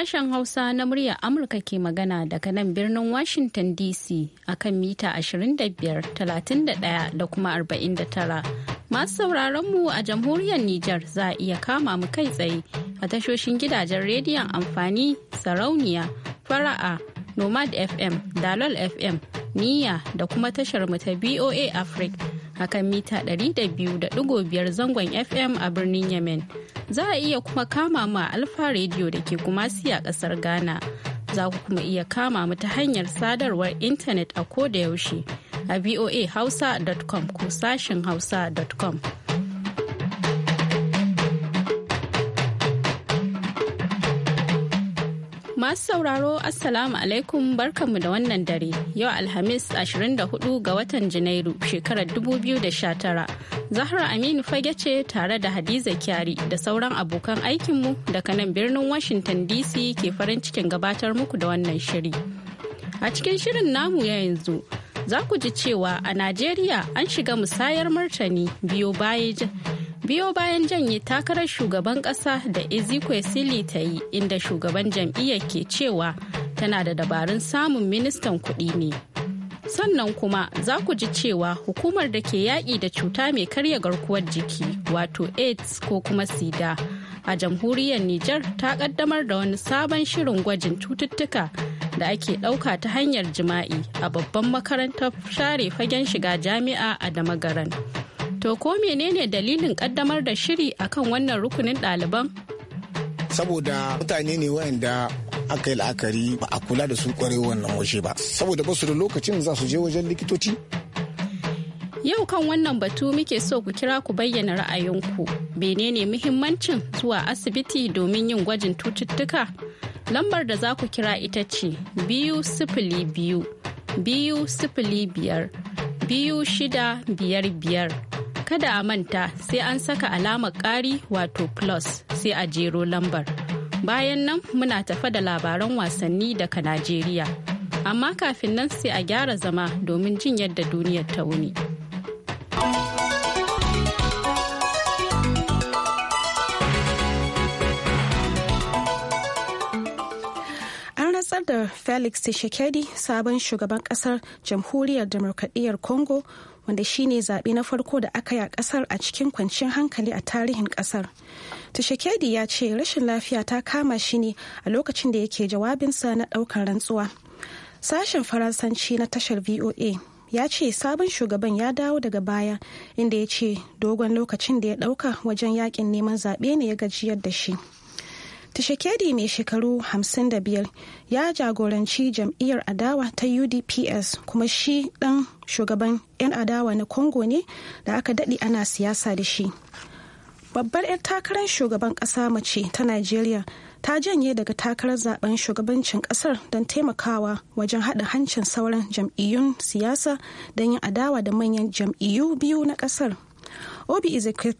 sashen Hausa na muryar Amurka ke magana daga nan birnin Washington DC a kan mita 25, 31 da kuma 49. Masu sauraronmu a jamhuriyar Nijar za a iya kama mu kai tsaye a tashoshin gidajen rediyon amfani sarauniya, fara'a, Nomad FM, Dalol FM, Niyya da kuma tashar mu ta BOA Africa. akan mita 200.5 zangon FM a birnin Yemen. Za a iya kuma kama mu a Alfa Radio da ke kumasi a ƙasar Ghana. Za ku kuma iya kama mu ta hanyar sadarwar intanet a ko da yaushe a voahausa.com ko sashin hausa.com. Masu sauraro Assalamu alaikum barkanmu da wannan dare. Yau Alhamis 24 ga watan Janairu shekarar 2019. Zahra Aminu fage ce tare da Hadiza Kyari da sauran abokan aikinmu daga nan birnin Washington DC ke farin cikin gabatar muku da wannan shiri. A cikin shirin namu ya yanzu. Za ku ji cewa a Najeriya an shiga musayar martani biyo bayan biyo bayan janye takarar shugaban kasa da ezekwesili ta yi inda shugaban jam'iyyar ke cewa tana da dabarun samun ministan kuɗi ne sannan kuma za ku ji cewa hukumar da ke yaƙi da cuta mai karya garkuwar jiki wato aids ko kuma sida a jamhuriyar niger ta ƙaddamar da wani sabon shirin gwajin cututtuka da ake ɗauka ta hanyar jima'i a babban makarantar share fagen shiga jami'a a damagaran. To ko menene dalilin kaddamar da shiri akan wannan rukunin ɗaliban? Saboda mutane ne wayanda aka yi la'akari ba a kula da su kwarai wannan waje ba. Saboda basu da lokacin za su je wajen likitoci Yau kan wannan batu muke so ku kira ku bayyana ra'ayinku. Menene muhimmancin zuwa asibiti domin yin gwajin cututtuka? Lambar da za ku kira ita ce biyu sifili biyu, biyu sifili biyar, biyu shida biyar biyar. kada a manta sai an saka alamar ƙari wato plus sai a jero lambar. Bayan nan muna tafa da labaran wasanni daga Najeriya. Amma kafin nan sai a gyara zama domin jin yadda duniyar ta wuni. da Felix Tshisekedi sabon shugaban kasar jamhuriyar demokradiyyar Congo wanda shine zaɓe na farko da aka yi a ƙasar a cikin kwanciyar hankali a tarihin ƙasar. Tshisekedi ya ce rashin lafiya ta kama shi ne a lokacin da yake jawabinsa na ɗaukar rantsuwa. Sashen Faransanci na tashar VOA ya ce sabon shugaban ya dawo daga baya inda ya ce dogon lokacin da ya ɗauka wajen yaƙin neman zaɓe ne ya gajiyar da shi. Tishekedi mai shekaru 55 ya jagoranci jam'iyyar adawa ta UDPS kuma shi ɗan shugaban 'yan adawa na Congo ne da aka daɗe ana siyasa da shi. Babbar 'yar takarar shugaban ƙasa mace ta Najeriya ta janye daga takarar zaben shugabancin ƙasar don taimakawa wajen haɗa hancin sauran jam'iyyun siyasa don yin adawa da manyan jam'iyyu biyu na ƙasar. Obi Ezekiel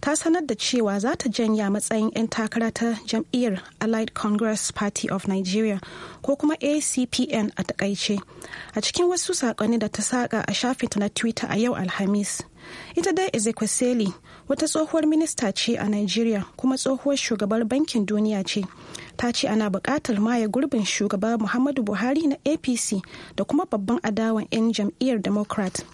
ta sanar da cewa za ta janya matsayin 'yan takara ta jam'iyyar allied congress party of nigeria ko kuma acpn a takaice a cikin wasu sakonni da ta saƙa a shafinta na twitter a yau alhamis ita dai ezekwesili wata tsohuwar minista ce a nigeria kuma tsohuwar shugabar bankin duniya ce ta ce ana buƙatar maye gurbin shugaba muhammadu buhari na apc da kuma babban adawan 'yan jam'iyyar democrat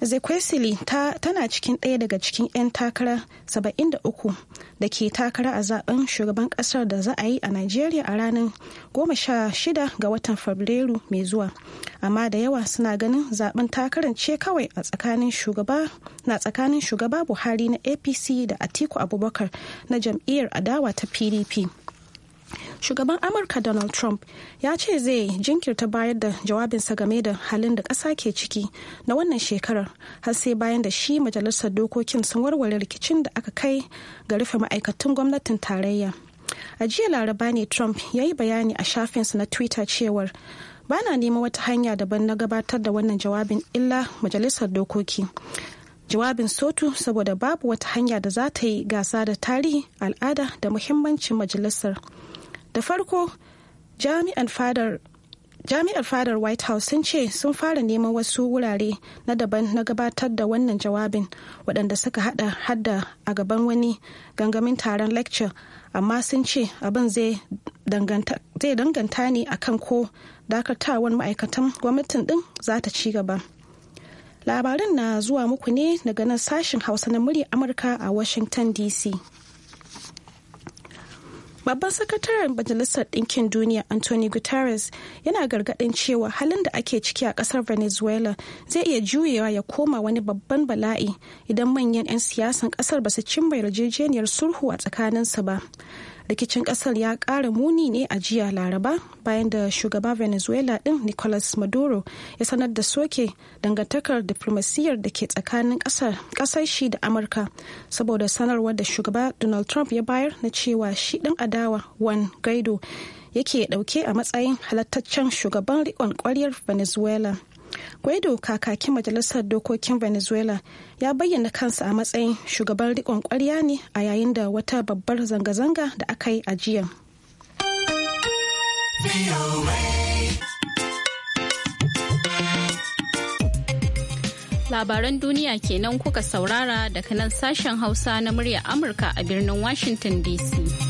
zekwesili tana cikin ɗaya daga cikin 'yan takara 73 da ke takara a zaben shugaban ƙasar da za a yi a najeriya a ranar 16 ga watan fabrairu mai zuwa amma da yawa suna ganin zaben takarar ce kawai a tsakanin shugaba na tsakanin shugaba buhari na apc da atiku abubakar na jam'iyyar adawa ta pdp shugaban amurka donald trump ya ce zai jinkirta bayar da jawabinsa game da halin da ƙasa ke ciki na wannan shekarar har sai bayan da shi majalisar dokokin sun warware rikicin da aka kai ga rufe ma'aikatan gwamnatin tarayya a jiya laraba ne trump ya yi bayani a shafinsa na twitter cewar bana neman wata hanya daban na gabatar da wannan jawabin illa majalisar dokoki jawabin sotu saboda babu wata hanya da za ta yi gasa da tarihi al'ada da muhimmancin majalisar da farko jami'an fadar jami'ar fadar white house sun ce sun fara neman wasu wurare na daban na gabatar da wannan jawabin waɗanda suka hada hadda a gaban wani gangamin taron lecture amma sun ce abin zai danganta ne akan ko dakatawar ma'aikatan gwamnatin din za ta ci gaba Labarin na zuwa muku ne daga nan sashen hausa na murya amurka a washington dc Babban sakataren Majalisar Ɗinkin Duniya Anthony Guterres yana gargaɗin cewa halin da ake ciki a ƙasar Venezuela zai iya juyewa ya koma wani babban bala'i idan manyan 'yan siyasan ƙasar ba su cimma yarjejeniyar sulhu a tsakaninsu ba. rikicin kasar ya kara muni ne a jiya laraba bayan da shugaba venezuela din nicolas maduro ya sanar da soke dangantakar diflomasiyyar da ke tsakanin kasar shi da amurka saboda sanarwar da shugaba donald trump ya bayar na cewa shi dan adawa juan gaido yake dauke a matsayin halattaccen shugaban riƙon kwaryar venezuela Guaido kakakin majalisar dokokin Venezuela ya bayyana kansa a matsayin shugaban riƙon ƙwarya ne a yayin da wata babbar zanga-zanga da aka yi a jiya. Labaran duniya kenan kuka saurara daga nan sashen Hausa na murya Amurka a birnin Washington DC.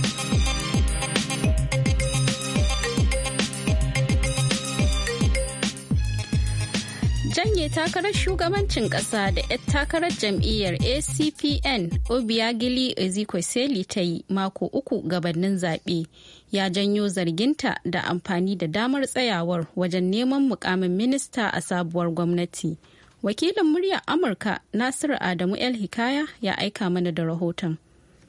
janye takarar shugabancin ƙasa da 'yar takarar jam'iyyar acpn obiagili ezekwesili ta yi mako uku gabanin zaɓe ya janyo zarginta da amfani da damar tsayawar wajen neman mukamin minista a sabuwar gwamnati wakilin muryar amurka nasiru adamu el hikaya ya aika mana da rahoton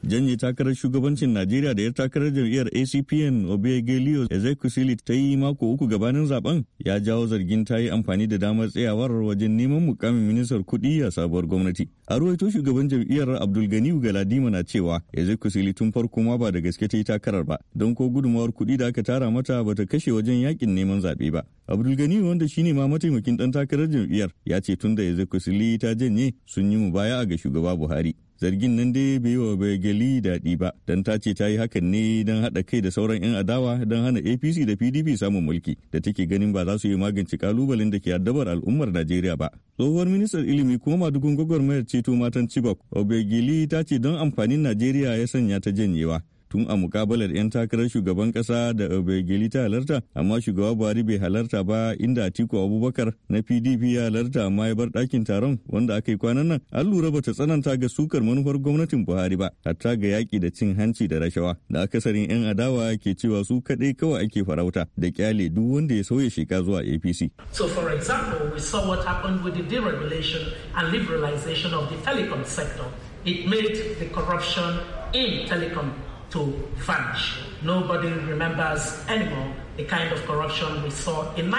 janye takarar shugabancin najeriya da ya takarar jam'iyyar acpn obiagelius ezekusili ta yi mako uku gabanin zaben ya jawo zargin ta yi amfani da damar tsayawar wajen neman mukamin ministar kudi a sabuwar gwamnati a ruwaito shugaban jam'iyyar abdulganiyu galadima na cewa ezekusili tun farko ma ba da gaske ta yi takarar ba don ko gudumawar kudi da aka tara mata ba ta kashe wajen yakin neman zaɓe ba abdulganiyu wanda shine ma mataimakin dan takarar jam'iyyar ya ce tun da ezekusili ta janye sun yi mu baya ga shugaba buhari zargin nan dai bai yi wa gali daɗi ba don ta ce ta yi hakan ne don haɗa kai da sauran 'yan adawa don hana apc da pdp samun mulki da take ganin ba za su yi magance kalubalen da ke addabar al'ummar najeriya ba tsohuwar ministan ilimi kuma madugun gwagwarmayar ceto matan chibok obegili ta ce don amfanin najeriya ya sanya ta janyewa tun a mukabalar 'yan takarar shugaban kasa da Obegeli ta halarta amma shugaba Buhari bai halarta ba inda Atiku Abubakar na PDP ya halarta amma ya bar ɗakin taron wanda aka yi kwanan nan an lura bata tsananta ga sukar manufar gwamnatin Buhari ba hatta ga yaƙi da cin hanci da rashawa da akasarin 'yan adawa ke cewa su kaɗai kawai ake farauta da kyale duk wanda ya sauya sheka zuwa APC. So for example, we saw what happened with the deregulation and liberalization of the telecom sector. It made the corruption in telecom to vanish. Nobody remembers anymore the kind of corruption we saw in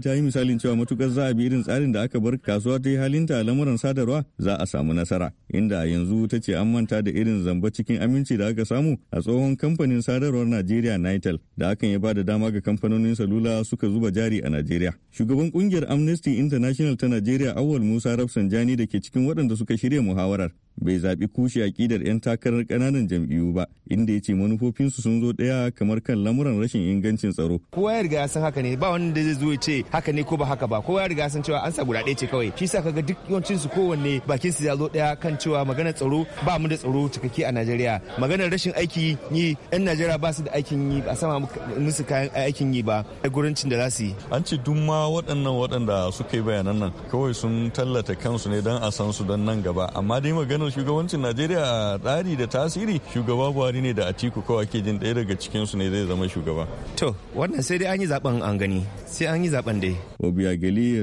ta yi misalin cewa matukar za a bi irin tsarin da aka bar kasuwa ta yi halinta a lamuran sadarwa za a samu nasara inda yanzu ta ce an manta da irin zamba cikin aminci da aka samu a tsohon kamfanin sadarwar Najeriya Nitel da hakan ya bada dama ga kamfanonin salula suka zuba jari a Najeriya. Shugaban kungiyar Amnesty International ta Najeriya Awal Musa Rafsanjani da ke cikin waɗanda suka shirya muhawarar bai zaɓi kushe aƙidar 'yan takarar ƙananan jam'iyyu ba inda ya ce manufofinsu sun zo ɗaya kamar kan lamuran rashin ingancin tsaro. kowa ya riga ya san haka ne ba da zai zo ya ce haka ne ko ba haka ba kowa ya riga ya cewa an sa guda ɗaya ce kawai shi sa kaga duk yawancin su kowanne bakin su ya zo ɗaya kan cewa maganar tsaro ba mu da tsaro cikakke a najeriya maganar rashin aiki yi 'yan najeriya ba su da aikin yi ba sama musu kayan aikin yi ba gurancin da za su yi. an ce duk ma waɗannan waɗanda suka yi bayanan nan kawai sun tallata kansu ne don a san su don nan gaba amma dai maganar tsarin shugabancin najeriya a tsari da tasiri shugaba buhari ne da atiku kawai ke jin ɗaya daga cikinsu ne zai zama shugaba to wannan sai dai an yi zaben an gani sai an yi zaben dai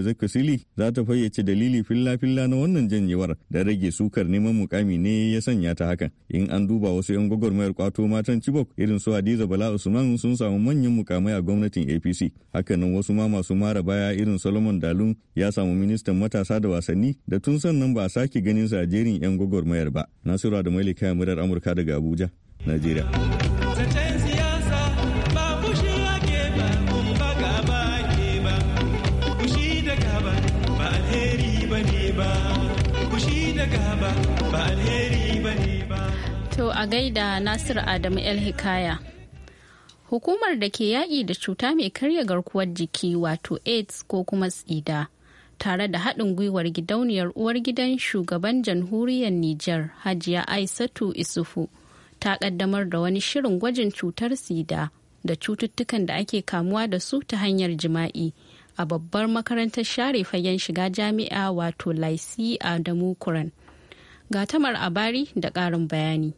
zaka sili za ta fayyace dalili filla-filla na wannan janyewar da rage sukar neman mukami ne ya sanya ta hakan in an duba wasu 'yan gwagwarmayar kwato matan chibok irin su hadiza bala usman sun samu manyan mukamai a gwamnatin apc hakanan wasu ma masu mara baya irin solomon dalun ya samu ministan matasa da wasanni da tun sannan ba a sake ganin sa a jerin 'yan gwagwarmayar gwagwarmayar ba nasiru da mailika murar amurka daga abuja najeriya To a gaida Nasiru Adamu El Hikaya. Hukumar da ke yaƙi da cuta mai karya garkuwar jiki wato AIDS ko kuma tsida tare da haɗin gwiwar gidauniyar uwar gidan shugaban jamhuriyar Nijar Hajiya Aisatu Isufu ta ƙaddamar da wani shirin gwajin cutar sida da cututtukan da ake kamuwa da su ta hanyar jima'i a babbar makarantar share fagen shiga jami'a wato Laisi Adamu Kuran. Ga tamar abari da ƙarin bayani.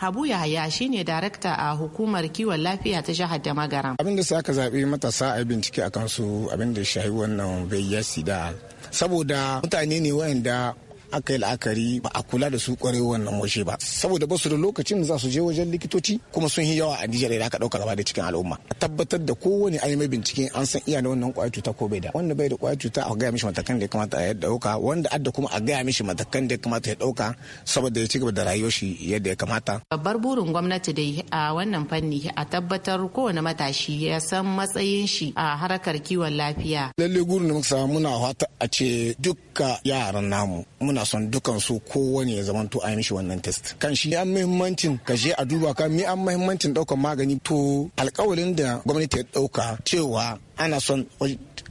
Habu Yahaya shine darakta a hukumar kiwon lafiya ta jihar da magara Abin da sai aka zaɓi matasa a bincike akan su abin da shahi wannan bayyasi da saboda mutane ne wayanda aka yi la'akari ba a kula da su kwarewa wannan mushe ba saboda basu da lokacin za su je wajen likitoci kuma sun yi yawa a Nijar da aka dauka gaba da cikin al'umma a tabbatar da kowane an yi mai bincike an san iya da wannan kwayar cuta ko bai da wanda bai da kwayar cuta a gaya mishi matakan da ya kamata a dauka wanda adda kuma a gaya mishi matakan da ya kamata ya dauka saboda ya ci gaba da rayuwar shi yadda ya kamata babbar burin gwamnati dai a wannan fanni a tabbatar kowane matashi ya san matsayin shi a harkar kiwon lafiya lalle gurin da muka samu muna fata a ce dukka yaran namu muna ana son dukan su kowane ya zamanto a mishi wannan test kan shi an muhimmancin ka je a duba ka mi an muhimmancin daukan magani to alkawarin da gwamnati ya dauka cewa ana son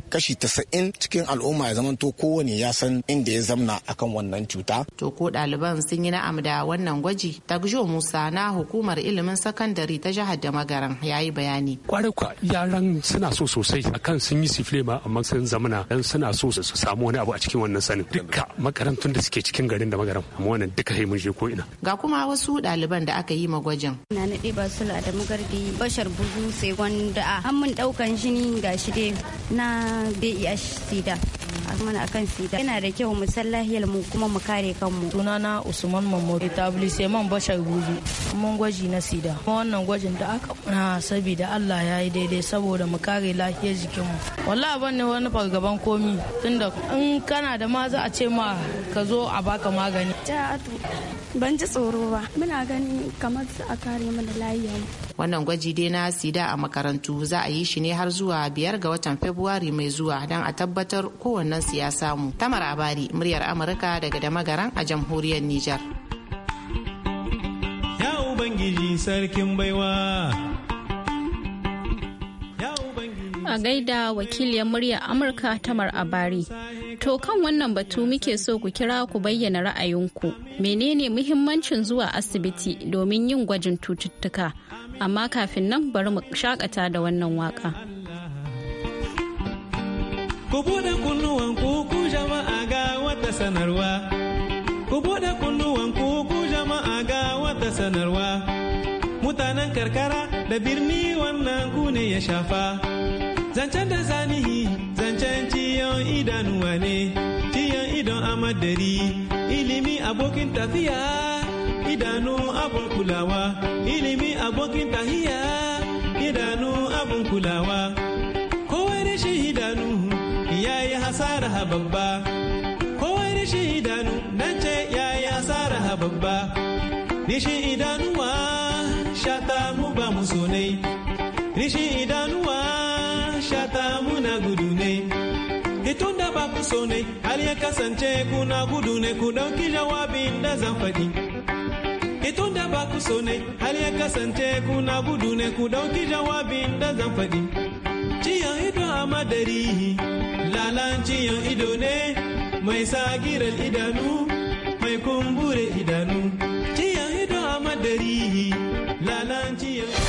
kashi tasa'in cikin al'umma ya zamanto kowane ya san inda ya zamna akan wannan cuta. To ko ɗaliban sun yi na'am da wannan gwaji Tagjo Musa na hukumar ilimin sakandare ta jihar da magaran ya yi bayani. Kwarai kwa yaran suna so sosai akan sun yi sifile ma amma sun zamana dan suna so su samu wani abu a cikin wannan sanin duka makarantun da suke cikin garin da magaran amma wannan duka sai je ko ina. Ga kuma wasu ɗaliban da aka yi ma gwajin. Na naɗe ba sula da magarbi bashar buzu sai gwanda a hannun ɗaukan jini ga shi dai na BEH sida mana akan sida yana da kyau mu san lahiyar mu kuma mu kare kanmu na Usman Mamman man Bashar Guzu mun gwaji na sida kuma wannan gwajin da aka na ah, saboda Allah ya yi daidai saboda mu kare lafiyar jikinmu wallahi ban ne wani fargaban komi tunda in kana da ma za a ce ma ka zo a baka magani ban ji tsoro ba muna ganin kamar a kare mana lafiyar wannan gwaji dai na sida a makarantu za a yi shi ne har zuwa biyar ga watan february mai zuwa don a tabbatar kowannen su ya samu tamar abari muryar amurka daga damagaran a jamhuriyar niger a gaida wakiliyar murya amurka tamar abari To kan wannan batu muke so ku kira ku bayyana ra'ayinku. Menene muhimmancin zuwa asibiti domin yin gwajin cututtuka? Amma kafin nan bari mu shakata da wannan waka. Ku bude kunnuwan ku jama'a ga wata sanarwa. Ku bude kunnuwan ku jama'a ga wata sanarwa. Mutanen karkara da birni wannan ku ne ya shafa. zancen da zanihi zancen ciyon idan wane ciyon idan amadari ilimi abokin tafiya idanu abun kulawa ilimi abokin tahiya idanu abun kulawa kowai rashin idanu ya yi hasara babba kowai shi idanu nan ce ya yi hasara babba shi idanuwa shata mu ba mu sonai ku so ne har ya kasance kuna gudu ne ku dauki jawabin da zan faɗi. Itun da ba ku so ne har ya kasance kuna gudu ne ku dauki jawabin da zan faɗi. Ciyan ido a madari, lalan ciyan ido ne mai sa sagirar idanu, mai kumbure idanu. Ciyan ido a madari, lalan ciyan ido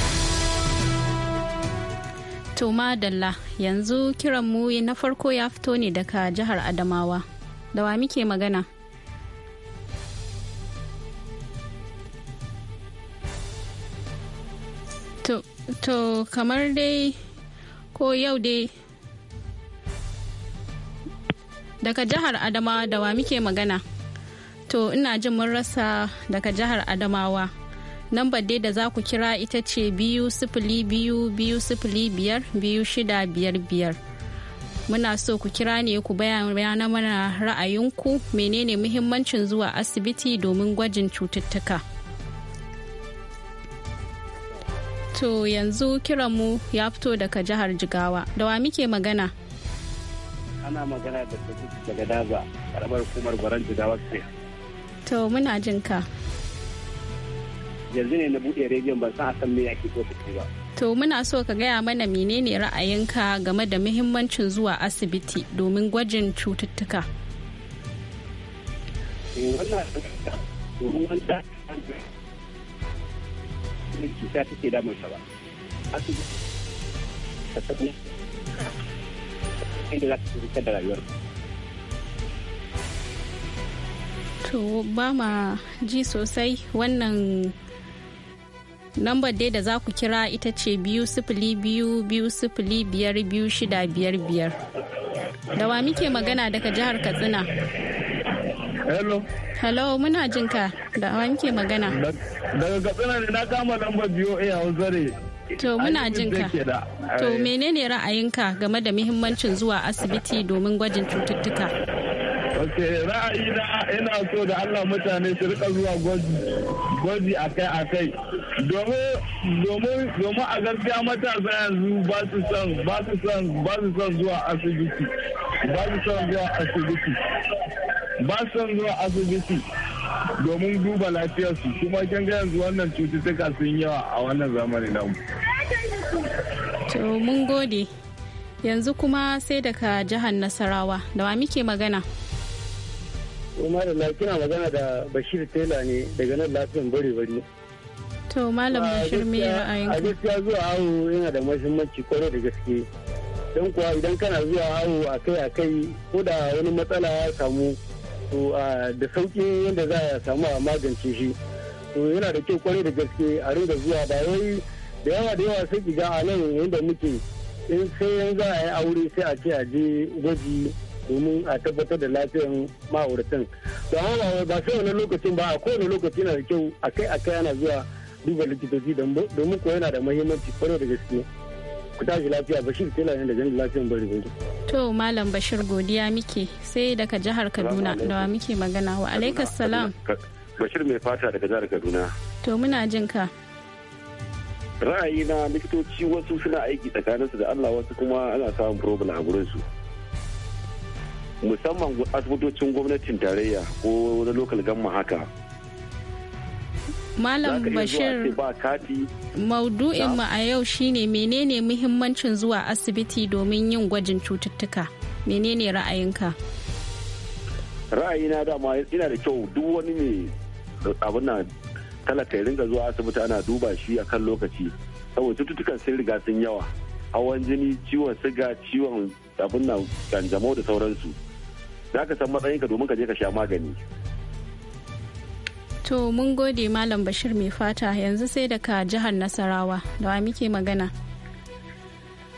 To madalla yanzu kiran mu na farko ya fito ne daga jihar Adamawa. Da wa muke magana? To, to kamar dai ko yau dai daga jihar Adamawa da wa muke magana? To ina jin mun rasa daga jihar Adamawa. Lambar dai da za ku kira ita ce biyu sifili biyu biyu sifili biyar biyu shida biyar biyar. Muna so ku kira ne ku bayana mana ra'ayinku menene muhimmancin zuwa asibiti domin gwajin cututtuka. To yanzu kiranmu ya fito daga jihar Jigawa. Da wa muke magana? Ana magana da daga Daza, karamar hukumar gwaran Jigawa ce. To muna jin ka. yanzu ne na buɗe rediyon ban san a san me ake ko ba. To muna so ka gaya mana menene ra'ayinka game da muhimmancin zuwa asibiti domin gwajin cututtuka. Eh, cuta damunsa ba. Asibiti ta za ta da To ba ma ji sosai wannan lambar dai da za ku kira ita ce biyu sifili biyu biyu sifili biyar biyu shida biyar biyar da wa muke magana daga jihar katsina hello hello muna jin ka da wa muke magana daga katsina ne na kama lambar biyu a zare to muna jin ka to eh. menene ra'ayinka game da muhimmancin zuwa asibiti domin gwajin cututtuka Oke, ra'ayi na ina so da allah mutane su rika zuwa gwaji akai akai domin a gaskiya matasa yanzu ba su son ba su san ba su san zuwa asibiti ba su san zuwa asibiti ba su san zuwa asibiti domin duba lafiyarsu kuma kin ga yanzu wannan cututtuka sun yawa a wannan zamani na mu. to mun gode yanzu kuma sai daga jihar nasarawa da wa muke magana Umar da kina magana da Bashir Tela ne daga nan lafiyan bare bare. To Malam Bashir me ra'ayinka? A gaskiya zuwa awo yana da muhimmanci kwarai da gaske. Don kuwa idan kana zuwa awo akai-akai ko da wani matsala ya samu to da sauƙi yadda za a samu a magance shi. To yana da kyau kwarai da gaske a ringa zuwa ba wai da yawa da yawa sai ki ga a nan yadda muke in sai yanzu a yi aure sai a ce a je gwaji domin a tabbatar da lafiyan ma'auratan da haka ba sai wani lokacin ba a kowane lokaci na da kyau a kai a kai ana zuwa duba likitoci domin ko yana da muhimmanci kwarai da gaske ku tashi lafiya bashir tela ne da jan lafiyan bari bari to malam bashir godiya muke sai daga jihar kaduna da wa muke magana wa alaikas salam bashir mai fata daga jihar kaduna to muna jin ka ra'ayina likitoci wasu suna aiki tsakaninsu da allah wasu kuma ana samun problem a gurinsu su musamman asibitocin gwamnatin tarayya ko na lokal gamma haka Malam Bashir maudu'in mu a yau shine menene muhimmancin zuwa asibiti domin yin gwajin cututtuka menene ra'ayinka ra'ayina dama ina da kyau duk wani ne abin na talaka ya ringa zuwa asibiti ana duba shi a kan lokaci saboda cututtukan sun riga sun yawa hawan jini ciwon siga ciwon abin na kanjamau da sauransu za ka san matsayinka domin ka je ka sha magani to mun gode malam bashir mai fata yanzu sai daga jihar nasarawa da wa muke magana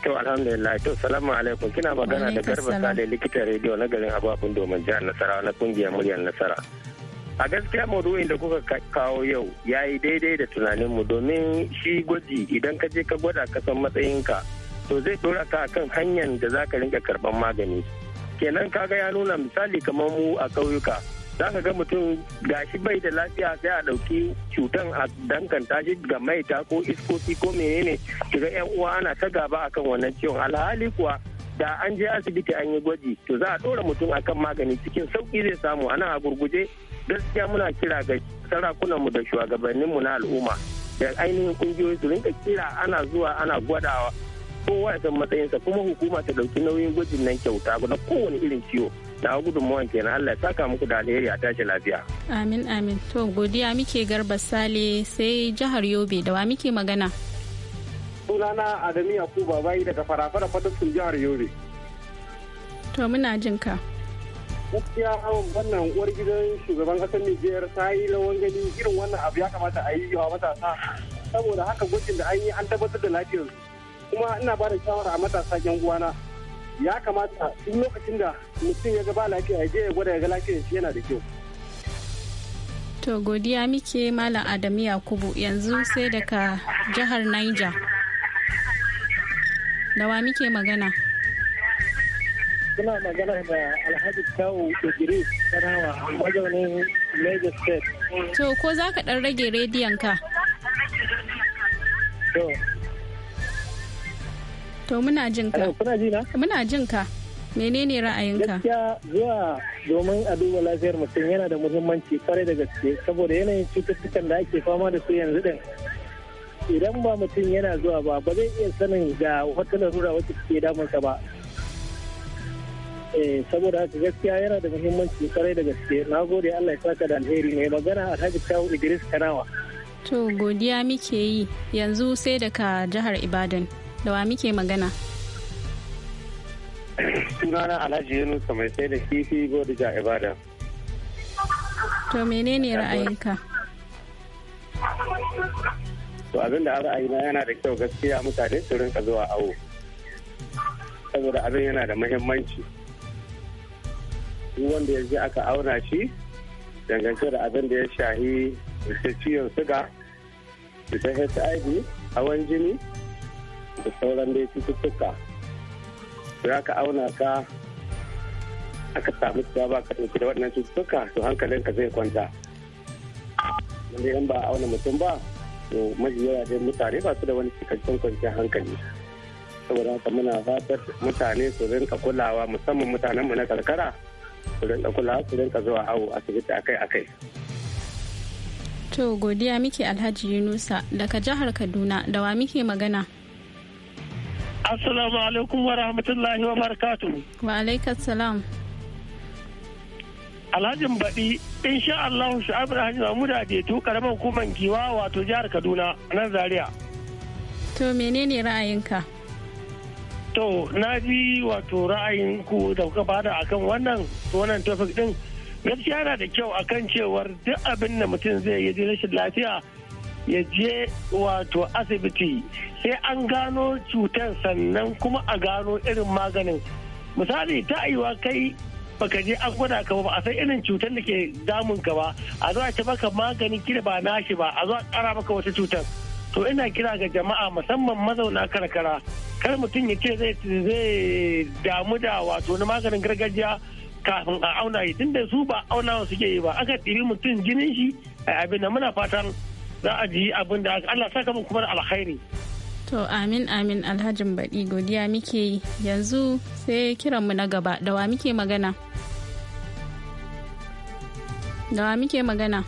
to alhamdulillah to salamu alaikum kina magana da garba sale likita rediyo na garin ababun domin jihar nasarawa na kungiyar muryar nasara a gaskiya maudu'in da kuka kawo yau ya yi daidai da tunaninmu domin shi gwaji idan ka je ka gwada ka san matsayinka to zai dora ka kan hanyar da za ka rinka karban magani kenan kaga ya nuna misali kamar mu a ƙauyuka za ka ga mutum gashi bai da lafiya sai a ɗauki cutan a dankanta shi ga maita ko iskoki ko menene shiga yan uwa ana ta gaba akan wannan ciwon alhali kuwa da an je asibiti an yi gwaji to za a ɗora mutum akan magani cikin sauki zai samu ana a gurguje gaskiya muna kira ga sarakunanmu da shugabanninmu na al'umma da ainihin kungiyoyi su rinka kira ana zuwa ana gwadawa kowa ya san matsayinsa kuma hukuma ta dauki nauyin gwajin nan kyauta na kowane irin ciwo na gudunmuwan kenan Allah ya saka muku da alheri a tashi lafiya. Amin amin to godiya muke garba sale sai jihar Yobe da wa muke magana. Sunana Adami Yakuba bayi daga farafara fatattun jihar Yobe. To muna jin ka. gaskiya wannan uwar gidan shugaban kasar Nijiyar ta yi lawan gani irin wannan abu ya kamata a yi yawa matasa saboda haka gwajin da an yi an tabbatar da lafiyarsu. kuma ina ba da shawara a matasa yan uwana ya kamata duk lokacin da mutum ya ga ba lafiya ya je ya gwada ya ga lafiya shi yana da kyau to godiya muke malam adamu yakubu yanzu sai daga jihar niger da wa muke magana suna magana da alhaji kawo idris kanawa mazaunin major state to ko za ka ɗan rage rediyon ka to To muna jin ka. Muna jin ka. Menene ra'ayinka? Gaskiya zuwa domin a duba lafiyar mutum yana da muhimmanci kwarai da gaske saboda yanayin cututtukan da ake fama da su yanzu din. Idan ba mutum yana zuwa ba ba zai iya sanin ga wata larura wacce take damunsa ba. Eh, saboda haka gaskiya yana da muhimmanci kwarai da gaske na gode Allah ya saka da alheri mai magana a Alhaji Tawu Idris Kanawa. To godiya muke yi yanzu sai daga jihar Ibadan. da wa muke magana sunana alhaji yunusa mai sai da kifi godija ibada to menene ra'ayinka to abin da ra'ayina yana da kyau gaskiya mutane su rinka zuwa awo saboda abin yana da muhimmanci duk wanda ya je aka auna shi dangance da abin da ya shahi da ciwon suga da hiv hawan jini da sauran dai cututtuka za ka auna ka aka samu cewa ba ka ɗauki da waɗannan cututtuka to hankalinka zai kwanta wanda in ba auna mutum ba to mafi yawa dai mutane ba su da wani cikakken kwanciyar hankali saboda haka muna fatar mutane su rinka kulawa musamman mutanen mu na karkara su rinka kulawa su rinka zuwa awo asibiti akai akai to godiya muke alhaji yunusa daga jihar kaduna da wa muke magana Assalamu alaikum wa rahmatullahi wa barakatu. Wa alaikat salam. Alhajin baɗi, sha Allah sha'abar hajji Mahmud Adetu karamar kuman Giwa wato jihar Kaduna nan Zaria. To menene ra'ayinka? To na ji wato ra'ayin ku da kuka bada akan wannan wannan topic din gaskiya yana da kyau akan cewar duk abin da mutum zai yi rashin lafiya ya je wato asibiti sai an gano cutar sannan kuma a gano irin maganin misali ta aiwa kai baka je an gwada ka ba a san irin cutar da ke damun ka ba a zo a ci maka maganin kira ba nashi ba a zo a kara maka wata cutar to ina kira ga jama'a musamman mazauna karkara kar mutum ya ce zai damu da wato na maganin gargajiya kafin a auna yi tunda su ba auna suke yi ba aka ɗiri mutum jinin shi a abin da muna fatan za a ji abin da Allah saka mu kuma alkhairi to amin amin alhajin baɗi godiya muke yanzu sai kiranmu na gaba da wa muke magana da muke magana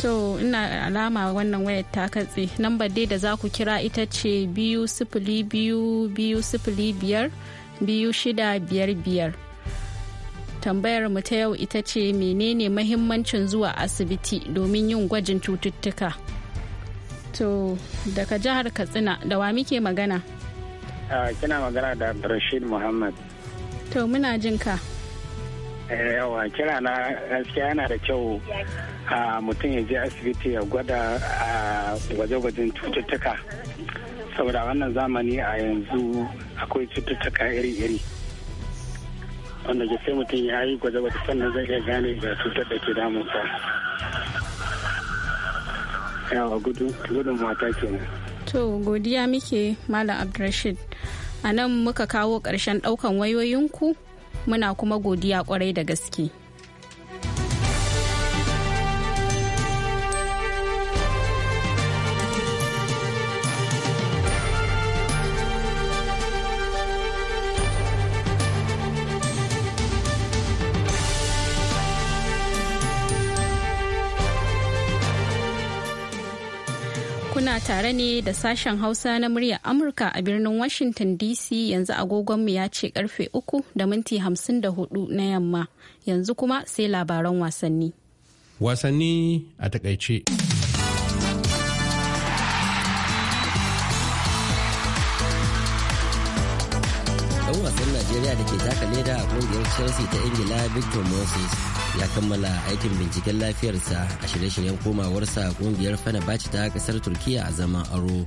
to ina alama wannan wayar ta katse lambar dai da za ku kira ita ce biyu sifili biyu biyu sifili biyar biyu shida biyar biyar tambayar mu ta yau ita ce menene mahimmancin zuwa asibiti domin yin gwajin cututtuka to daga jihar katsina da wa muke magana ah, kina magana da rashid muhammad to muna jin ka eh, yawa kira na gaskiya yana da kyau a mutum ya je asibiti ya gwada gwaje-gwajen cututtuka saboda wannan zamani a yanzu akwai cututtuka iri-iri wanda ke sai mutum ya yi gwaje-gwaje sannan zai iya gane da cutar da ke damunsa yawa gudun mata kenan to godiya muke malam abdulrashid a nan muka kawo ƙarshen ɗaukan wayoyinku muna kuma godiya kwarai da gaske. tare ne da sashen Hausa na murya Amurka a birnin Washington DC yanzu agogonmu ya ce karfe uku da minti hamsin da hudu na yamma. Yanzu kuma sai labaran wasanni. Wasanni a takaice. ɗan Najeriya da ke taka leda a ƙungiyar Chelsea ta Ingila Victor Moses ya kammala aikin binciken lafiyarsa a shirye-shiryen komawarsa a ƙungiyar Fenerbahce ta ƙasar Turkiya a zaman aro.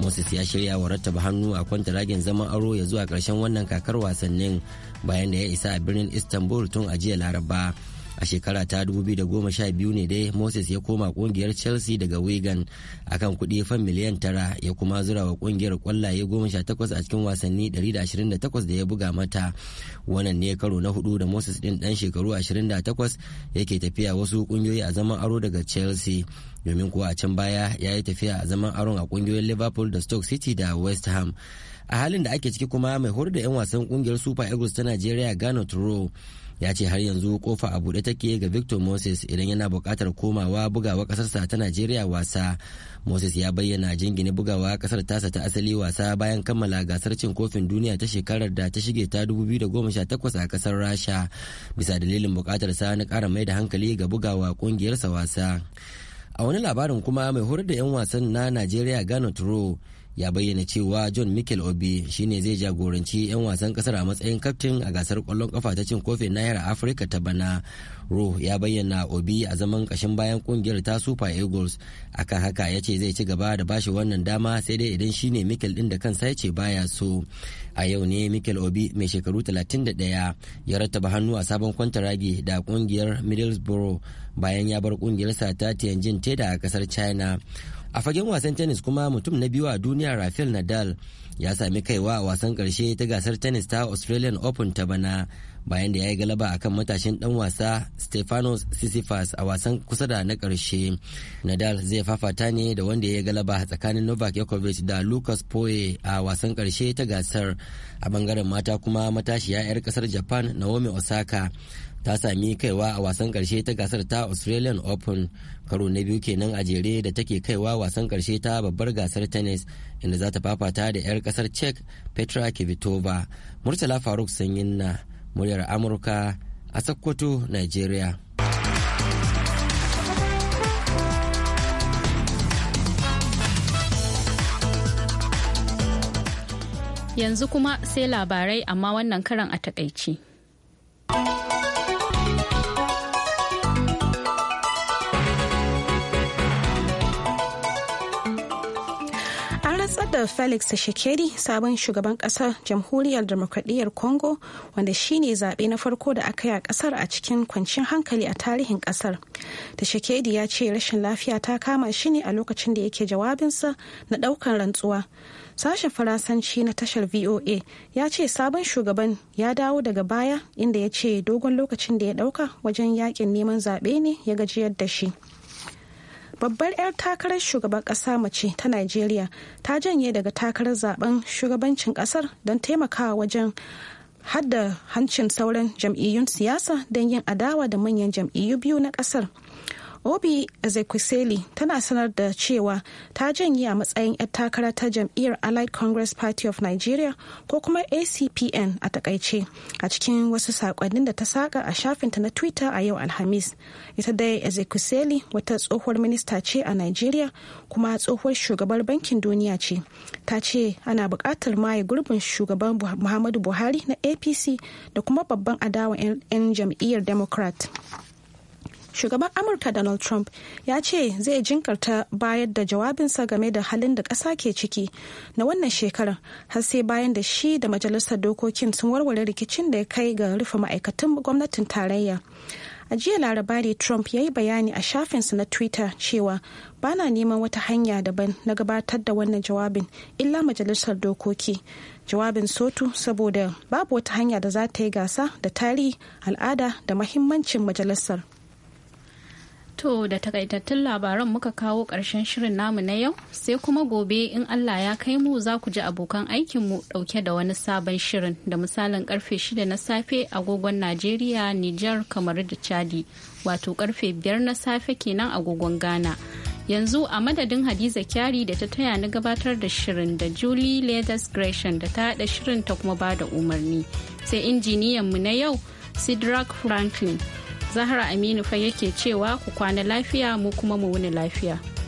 Moses ya shirya wa rattaba hannu a ragin zaman aro ya zuwa karshen wannan kakar wasannin bayan da ya isa a birnin Istanbul tun a jiya Laraba. a shekara ta 2012 ne dai moses ya koma kungiyar chelsea daga wigan akan kuɗi fan miliyan tara ya kuma zura wa kungiyar kwallaye 18 a cikin wasanni 128 da ya buga mata wannan ne karo na hudu da moses din dan shekaru 28 yake tafiya wasu kungiyoyi a zaman aro daga chelsea domin kuwa a can baya ya yi tafiya a zaman aron a kungiyoyin liverpool da stoke city da west ham a halin da ake ciki kuma mai horar da 'yan wasan kungiyar super eagles ta nigeria gano turo ya ce har yanzu kofa a buɗe take ga victor moses idan yana buƙatar komawa bugawa ƙasarsa ta najeriya wasa moses ya bayyana jingine bugawa ƙasar tasa ta asali wasa bayan kammala gasar cin kofin duniya ta shekarar da ta shige ta 2018 a ƙasar rasha bisa dalilin buƙatar sa na ƙara mai da hankali ga bugawa ƙungiyarsa wasa a wani labarin kuma mai horar da 'yan wasan na najeriya gano ya bayyana cewa john michael obi shine zai jagoranci 'yan wasan kasar a matsayin kaftin a gasar kwallon kafa ta cin kofin nahiyar afirka ta bana ro ya bayyana obi a zaman kashin bayan kungiyar ta super eagles akan haka ya ce zai ci gaba da bashi wannan dama sai dai idan shine michael din da kansa ya ce baya so a yau ne michael obi mai shekaru 31 ya rattaba hannu a sabon kwantaragi da kungiyar middlesbrough bayan ya bar kungiyarsa ta tianjin teda a kasar china a fagen wasan tennis kuma mutum na biyu a duniya rafael nadal ya sami kaiwa a wasan karshe ta gasar tennis ta australian open ta bana bayan da ya yi galaba akan matashin dan wasa stefanos sisifas a wasan kusa da na karshe nadal zai fafata ne da wanda ya yi galaba tsakanin novak yakovic da lucas poe a wasan karshe ta gasar a bangaren mata kuma matashiya 'yar kasar japan naomi osaka ta sami kaiwa a wasan karshe ta gasar ta australian open karo na biyu kenan a jere da take kaiwa wasan karshe ta babbar gasar tennis inda za ta fafata da 'yar kasar czech petra kvitova murtala faruk sanyin na muryar amurka a sokoto nigeria yanzu kuma sai labarai amma wannan karan a takaici. da felix tshisekedi sabon shugaban kasar jamhuriyar demokradiyyar congo wanda shi ne zaɓe na farko da aka yi a kasar a cikin kwanciyar hankali a tarihin kasar tshisekedi ya ce rashin lafiya ta kama shi ne a lokacin da yake jawabinsa na ɗaukan rantsuwa sashen faransanci na tashar voa ya ce sabon shugaban ya dawo daga baya inda ya ce dogon lokacin da ya ɗauka wajen yakin neman zaɓe ne ya gajiyar da shi babbar 'yar takarar shugaban kasa mace ta najeriya ta janye daga takarar zaben shugabancin kasar don taimakawa wajen hada hancin sauran jam'iyyun siyasa don yin adawa da manyan jam'iyyu biyu na kasar obi ezekwesili tana sanar da cewa ta janye a matsayin 'yar takara ta jam'iyyar allied congress party of nigeria ko kuma acpn a takaice a cikin wasu sakonnin da ta saka a shafinta na twitter a yau alhamis ita dai ezekwesili wata tsohuwar minista ce a nigeria kuma tsohuwar shugabar bankin duniya ce ta ce ana buƙatar maye gurbin shugaban muhammadu buhari na apc da kuma babban adawa 'yan jam'iyyar democrat shugaban amurka donald trump ya ce zai jinkarta bayar da jawabinsa game da halin da ƙasa ke ciki na wannan shekarar har sai bayan da shi da majalisar dokokin sun warware rikicin da ya kai ga rufe ma'aikatan gwamnatin tarayya a jiya laraba ne trump ya yi bayani a shafinsa na twitter cewa bana neman wata hanya daban na gabatar da wannan jawabin illa majalisar dokoki jawabin sotu saboda babu wata hanya da za ta yi gasa da tarihi al'ada da mahimmancin majalisar To da takaitattun labaran muka kawo ƙarshen shirin namu na yau sai kuma gobe in Allah ya kai mu za ku ji abokan aikinmu ɗauke da wani sabon shirin da misalin karfe shida na safe agogon Najeriya, Nijar, kamar da Chadi wato karfe biyar na safe kenan agogon Ghana. Yanzu a madadin Hadiza Kyari da ta taya ni gabatar da shirin da Julie Leathers Gresham da ta haɗa shirin ta kuma ba da umarni. Sai injiniyan mu na yau Sidrak Franklin. Zahra Aminu fa yake cewa ku kwana lafiya mu kuma mu wuni lafiya.